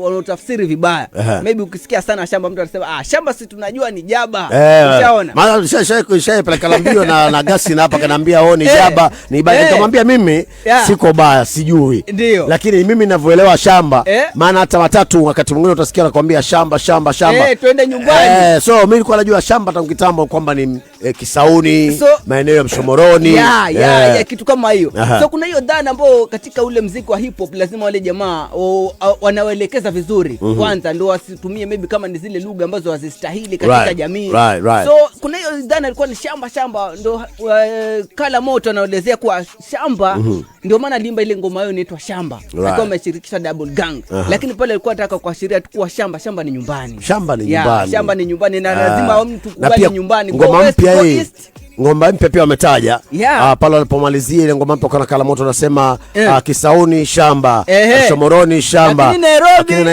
wanaotafsiri vibaya. Maybe ukisikia sana shamba, mtu anasema ah, shamba si tunajua ni jaba. Eh, eh. Ushaona maana shaipeleka pale kalambio na na gasi na hapa kanaambia oh, ni eh. jaba ni baya. Nikamwambia mimi siko baya, sijui, lakini mimi ninavyoelewa shamba, maana hata watatu wakati mwingine utasikia nakwambia shamba shamba shamba, eh, twende nyumbani. eh, So mimi nilikuwa najua shamba tangu kitambo kwamba ni Kisauni, maeneo ya Mshomoroni, kitu kama hiyo. So kuna hiyo dhana ambayo katika ule mziki wa hip hop lazima wale jamaa wanawaelekeza vizuri mm -hmm. Kwanza ndo wasitumie maybe kama ni zile lugha ambazo hazistahili katika right. jamii right, right. So kuna hiyo dhana ilikuwa ni shamba shamba, ndo uh, Kala Moto anaelezea kuwa shamba mm -hmm. Ndio maana alimba ile ngoma hiyo inaitwa shamba right. Akiwa ameshirikisha Double Gang uh -huh. Lakini pale alikuwa anataka kuashiria tu kuwa shamba shamba ni nyumbani, shamba ni nyumbani, yeah, shamba ni nyumbani na ah. lazima mtu kubali nyumbani. Ngoma mpya hii ngoma mpya pia wametaja yeah. Ah, pale walipomalizia ile ngoma mpya kwa nakala moto nasema yeah. Eh. Kisauni shamba, Shomoroni shamba, lakini Nairobi